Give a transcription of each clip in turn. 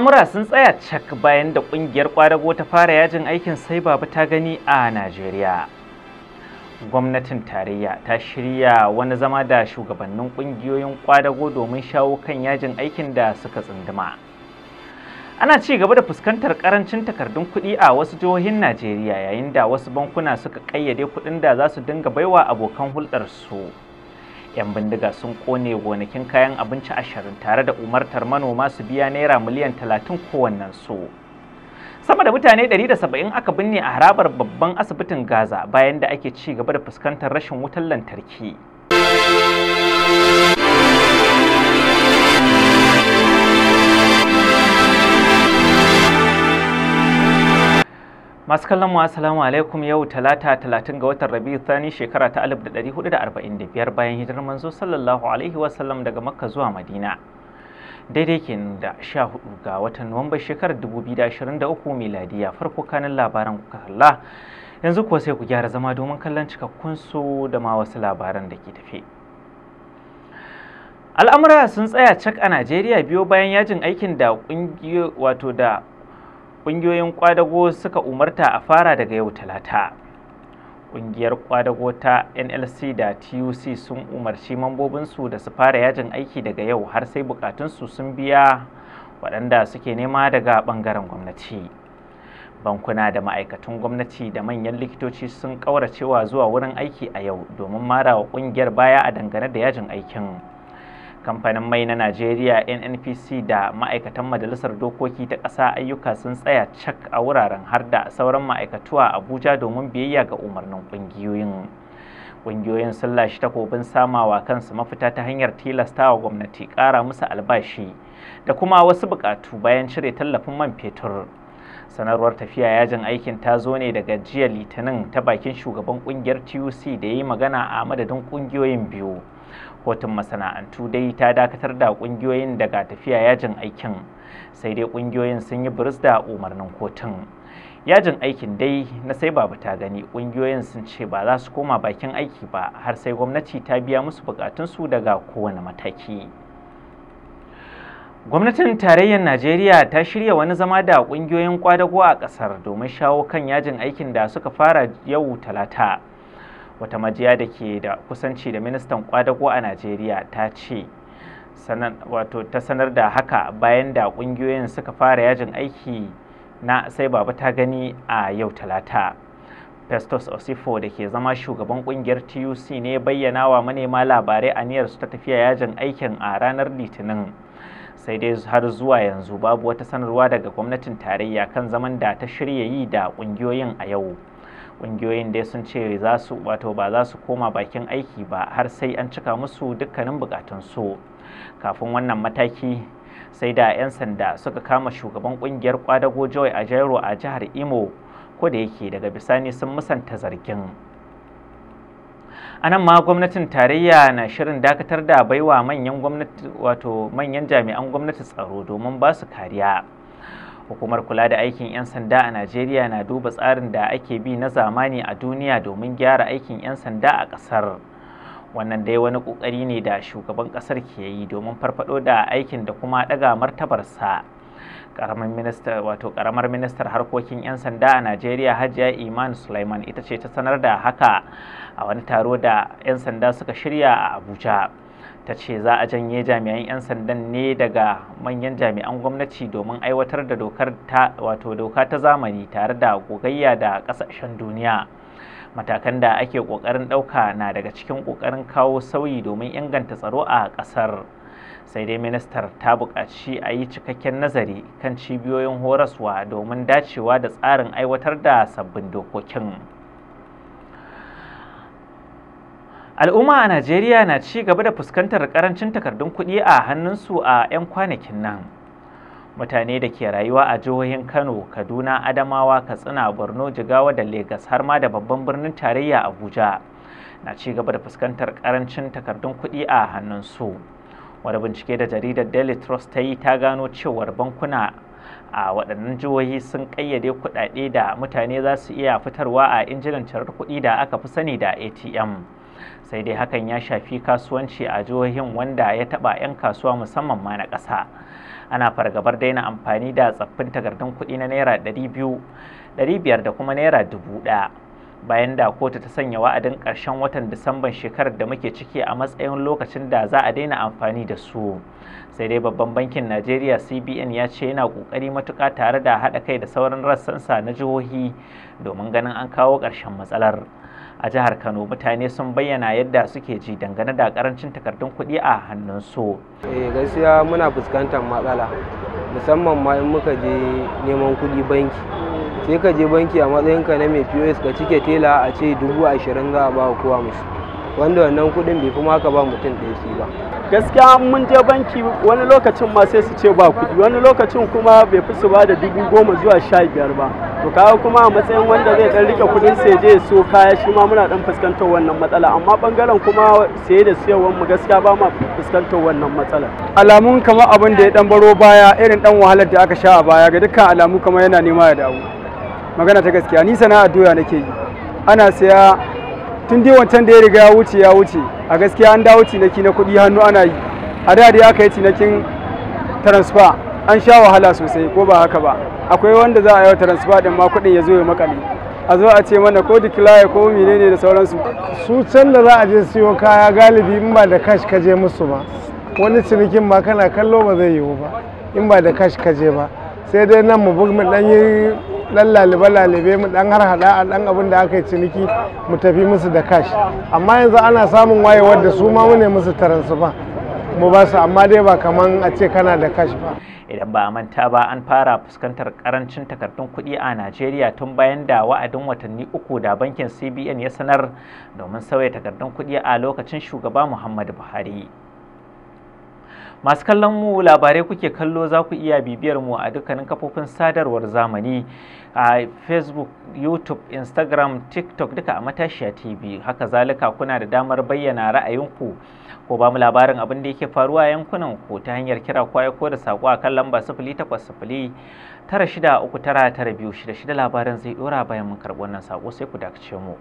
al'amura sun tsaya cak bayan da kungiyar kwadago ta fara yajin aikin sai babu ta gani a najeriya gwamnatin tarayya ta shirya wani zama da shugabannin kungiyoyin ƙwadago domin shawo kan yajin aikin da suka tsunduma ana ci gaba da fuskantar karancin takardun kuɗi a wasu jihohin najeriya yayin da wasu bankuna suka kayyade kuɗin da za su dinga baiwa abokan hulɗarsu su 'yan bindiga sun kone gonakin kayan abinci ashirin tare da umartar manoma su biya naira miliyan talatin kowannen su sama da mutane 170 aka binne a harabar babban asibitin gaza bayan da ake ci gaba da fuskantar rashin wutar lantarki masu kallon mu assalamu alaikum yau talata talatin ga watan rabiu thani shekara ta alif da da da hudu arba'in biyar bayan hijirar manzo sallallahu alaihi wasallam daga makka zuwa madina daidai kenan da sha hudu ga watan Nuwambar shekarar dubu biyu da da ashirin miladi miladiya farko kanin labaran kuka kalla yanzu kuwa sai ku gyara zama domin kallon cikakkun su da ma wasu labaran da ke tafe al'amura sun tsaya cak a najeriya biyo bayan yajin aikin da wato da ƙungiyoyin ƙwadago suka umarta a fara daga yau talata ƙungiyar ƙwadago ta nlc da tuc sun umarci mambobinsu da su fara yajin aiki daga yau har sai bukatunsu sun biya waɗanda suke nema daga ɓangaren gwamnati bankuna da ma'aikatan gwamnati da manyan likitoci sun ƙauracewa zuwa wurin aiki a yau domin mara wa ƙungiyar baya a dangane da yajin aikin. kamfanin mai na najeriya nnpc da ma'aikatan majalisar dokoki ta ƙasa ayyuka sun tsaya cak a wuraren har da sauran ma'aikatu a abuja domin biyayya ga umarnin ƙungiyoyin ƙungiyoyin sun lashe takobin samawa kansu mafita ta hanyar tilastawa gwamnati ƙara musu albashi da kuma wasu buƙatu bayan cire tallafin man fetur sanarwar tafiya yajin aikin ta zo ne daga jiya litinin ta bakin shugaban ƙungiyar tuc da ya yi magana a madadin ƙungiyoyin biyu kotun masana'antu dai ta dakatar da kungiyoyin daga tafiya yajin aikin sai dai kungiyoyin sun yi buris da umarnin kotun yajin aikin dai na sai babu ta gani kungiyoyin sun ce ba za su koma bakin aiki ba har sai gwamnati ta biya musu bukatunsu daga kowane mataki gwamnatin tarayyar najeriya ta shirya wani zama da kungiyoyin kwadago a kasar domin shawo kan yajin aikin da suka fara yau talata wata majiya da ke da kusanci da ministan kwadago a najeriya ta ce wato ta sanar da haka bayan da kungiyoyin suka fara yajin aiki na sai babu ta gani a yau talata festus osifo da ke zama shugaban kungiyar tuc ne bayyana wa manema labarai aniyar su ta tafiya yajin aikin a ranar litinin sai dai har zuwa yanzu babu wata sanarwa daga gwamnatin tarayya kan zaman da ta shirya yi da kungiyoyin a yau ƙungiyoyin dai sun ce za su wato ba za su koma bakin aiki ba har sai an cika musu dukkanin su kafin wannan mataki sai da 'yan sanda suka kama shugaban ƙungiyar kwadago joy a jairo a jihar imo ko da yake daga bisani sun musanta zargin anan ma gwamnatin tarayya na shirin dakatar da baiwa manyan gwamnati wato manyan jami'an gwamnati tsaro domin ba su kariya hukumar kula da aikin 'yan sanda a najeriya na duba tsarin da ake bi na zamani a duniya domin gyara aikin 'yan sanda a ƙasar wannan dai wani ƙoƙari ne da shugaban ƙasar ke yi domin farfaɗo da aikin da kuma ɗaga martabarsa karamar ministar harkokin 'yan sanda a najeriya hajiya iman sulaiman ita ce ta sanar da haka a wani taro da 'yan sanda suka shirya a abuja ta ce za a janye jami'an 'yan sandan ne daga manyan jami'an gwamnati domin aiwatar da dokar ta wato doka ta zamani tare da gogayya da kasashen duniya matakan da ake kokarin dauka na daga cikin kokarin kawo sauyi domin inganta tsaro a kasar sai dai ministar ta buƙaci a yi cikakken nazari kan cibiyoyin horaswa domin dacewa da tsarin aiwatar da sabbin dokokin. Al'umma a Najeriya na ci gaba da fuskantar karancin takardun kuɗi a hannunsu a 'yan kwanakin nan. Mutane da ke rayuwa a jihohin Kano, Kaduna, Adamawa, Katsina, Borno, Jigawa da Legas har ma da babban birnin tarayya Abuja na ci gaba da fuskantar karancin takardun kuɗi a hannunsu. Wani bincike da jaridar Daily Trust ta yi ta gano cewar bankuna a waɗannan jihohi sun ƙayyade kuɗaɗe da mutane za su iya fitarwa a injinan cirar kuɗi da aka fi sani da ATM. sai dai hakan ya shafi kasuwanci a jihohin wanda ya taba 'yan kasuwa musamman ma na ƙasa ana fargabar daina amfani da tsaffin takardun kuɗi na naira biyu biyar da kuma naira dubu ɗaya. bayan da kotu ta sanya wa'adin ƙarshen watan disamban shekarar da muke ciki a matsayin lokacin da za a daina amfani da su sai dai babban bankin najeriya cbn ya ce yana ƙoƙari matuƙa tare da haɗa kai da sauran rassansa na jihohi domin ganin an kawo ƙarshen matsalar a jihar Kano mutane sun bayyana yadda suke ji dangane da karancin takardun kuɗi a hannunsu. Eh gaskiya muna fuskantar matsala musamman ma in muka je neman kuɗi banki sai ka je banki a matsayinka na mai POS ka cike tela a ce dubu ashirin za a ba kowa musu. wanda wannan kuɗin bai fi ka ba mutum ɗaya shi ba gaskiya mun je banki wani lokacin ma sai su ce ba kuɗi wani lokacin kuma bai fi su ba da dubu goma zuwa sha biyar ba to kawo kuma a matsayin wanda zai dan rike kuɗin sai je so kaya shi ma muna dan fuskantar wannan matsala amma bangaren kuma saye da siyarwar mu gaskiya ba ma fuskantar wannan matsala alamun kamar abin da ya dan baro baya irin dan wahalar da aka sha a baya ga dukkan alamu kamar yana nema ya dawo magana ta gaskiya ni sana'a doya nake yi ana saya tun dai wancan da ya riga ya wuce ya wuce a gaskiya an dawo cinaki na kuɗi hannu ana yi a da dai aka yi cinakin transfer an sha wahala sosai ko ba haka ba akwai wanda za a yi transfer din ma kuɗin ya zo ya makale a zo a ce mana ko declare ko menene da sauransu su can da za a je siyo kaya galibi in ba da kash ka je musu ba wani cinikin ma kana kallo ba zai yiwu ba in ba da kash ka je ba sai dai nan mu bug dan yi dan lalibe lalibe mu dan har hada a dan abin da aka yi ciniki mu tafi musu da cash amma yanzu ana samun wayewar da su ma mune musu taransifa mu ba su amma dai ba kaman a ce kana da cash ba idan ba a manta ba an fara fuskantar karancin takardun kuɗi a najeriya tun bayan da wa'adin watanni uku da bankin cbn ya sanar domin sauya takardun kuɗi a lokacin shugaba muhammadu buhari masu kallon mu labarai kuke kallo za ku iya bibiyar mu a dukkanin kafofin sadarwar zamani a facebook youtube instagram tiktok duka a matashiya tv haka zalika kuna da damar bayyana ra'ayinku ko ba mu labarin abin da yake faruwa yankunanku yankunan ku ta hanyar kira kwaya ko da sako a kan lamba sifili takwas sifili tara shida uku tara tara biyu shida shida labarin zai dora bayan mun karɓi wannan sako sai ku dakace mu.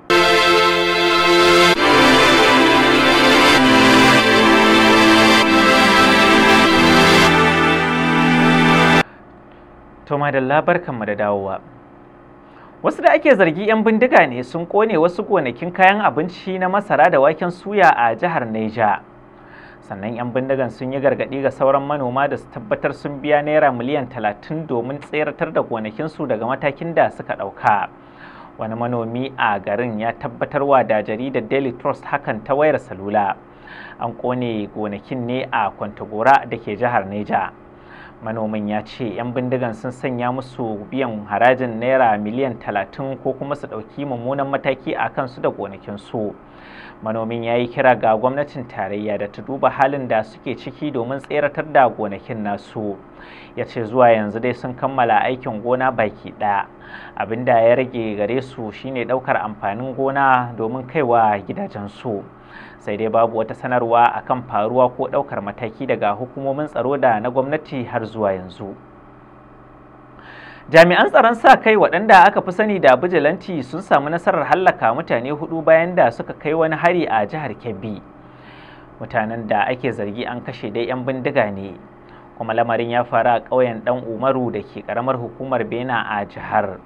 madalla barkanmu da dawowa. Wasu da ake zargi 'yan bindiga ne sun kone wasu gonakin kayan abinci na masara da waken suya a jihar Neja. Sannan 'yan bindigan sun yi gargaɗi ga sauran manoma da su tabbatar sun biya naira miliyan talatin domin tseratar da gonakinsu daga matakin da suka ɗauka. Wani manomi a garin ya tabbatar wa da jaridar Daily Trust hakan ta wayar salula. An kone gonakin ne a Kwantagora da ke jihar Neja. manomin ya ce 'yan bindigan sun sanya musu biyan harajin naira miliyan talatin ko kuma su ɗauki mummunan mataki a kansu da gonakinsu manomin ya yi kira ga gwamnatin tarayya da ta duba halin da suke ciki domin tseratar da gonakin nasu ya ce zuwa yanzu dai sun kammala aikin gona baki ɗaya abinda ya rage gare su shine ɗaukar amfanin gona domin kaiwa gidajensu. su sai dai babu wata sanarwa a kan faruwa ko ɗaukar mataki daga hukumomin tsaro da na gwamnati har zuwa yanzu. jami'an tsaron sa kai waɗanda aka fi sani da bijilanti sun samu nasarar hallaka mutane hudu bayan da suka kai wani hari a jihar kebbi mutanen da ake zargi an kashe dai 'yan bindiga ne kuma lamarin ya faru a ƙauyen dan umaru da ke ƙaramar hukumar bena a jihar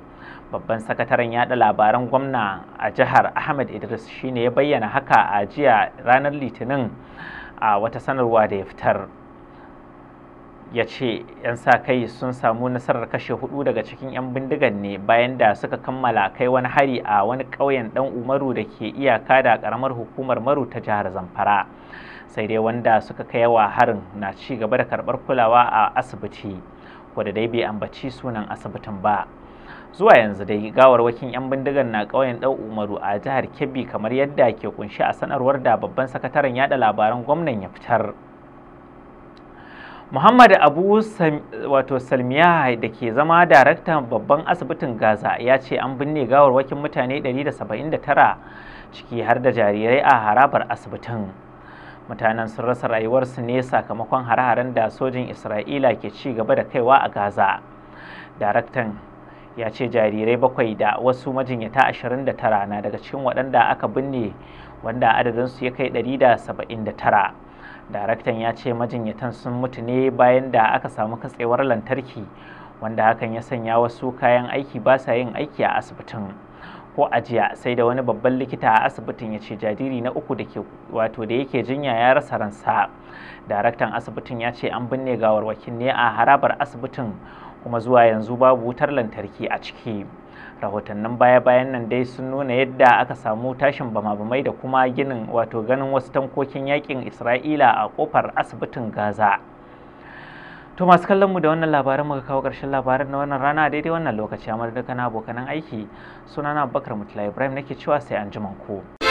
babban sakataren yada labaran gwamna a jihar ahmed idris shine ya bayyana haka a jiya ranar litinin a wata sanarwa da ya fitar ya ce 'yan sa kai sun samu nasarar kashe hudu daga cikin 'yan bindigan ne bayan da suka kammala kai wani hari a wani ƙauyen dan umaru da ke iyaka da karamar hukumar maru ta jihar zamfara sai dai wanda suka kai wa harin na ci gaba da karɓar kulawa a asibiti wadda dai bai ambaci sunan asibitin ba zuwa yanzu dai gawar wakin 'yan bindigan na ƙauyen ɗau umaru a jihar kebbi kamar yadda ke kunshi a sanarwar da babban sakataren yada labaran gwamnan ya fitar muhammad abu wato salmiya da ke zama daraktan babban asibitin gaza ya ce an binne gawar wakin mutane 179 ciki har da jarirai a harabar asibitin mutanen sun rasa rayuwarsu ne sakamakon hare-haren da sojin isra'ila ke ci gaba da kaiwa a gaza daraktan ya ce jarirai bakwai da wasu majinyata ashirin da tara na daga cikin waɗanda aka binne wanda adadinsu ya kai da da saba'in tara daraktan ya ce majinyatan sun mutu ne bayan da aka samu katsewar lantarki wanda hakan ya sanya wasu kayan aiki ba sa yin aiki a asibitin ko ajiya sai da wani babban likita a asibitin ya ce jariri na uku da ke wato da yake jinya ya rasa ransa daraktan asibitin ya ce an binne gawar gawarwakin ne a harabar asibitin kuma zuwa yanzu babu wutar lantarki a ciki rahotannin baya-bayan nan dai sun nuna yadda aka samu tashin bama-bamai da kuma ginin wato ganin wasu tankokin yakin isra'ila a kofar asibitin gaza to masu kallon mu da wannan labarin muka kawo ƙarshen labarin na wannan rana daidai wannan lokaci amma da abokanan aiki sunana Abubakar mutula ibrahim nake cewa sai an ku.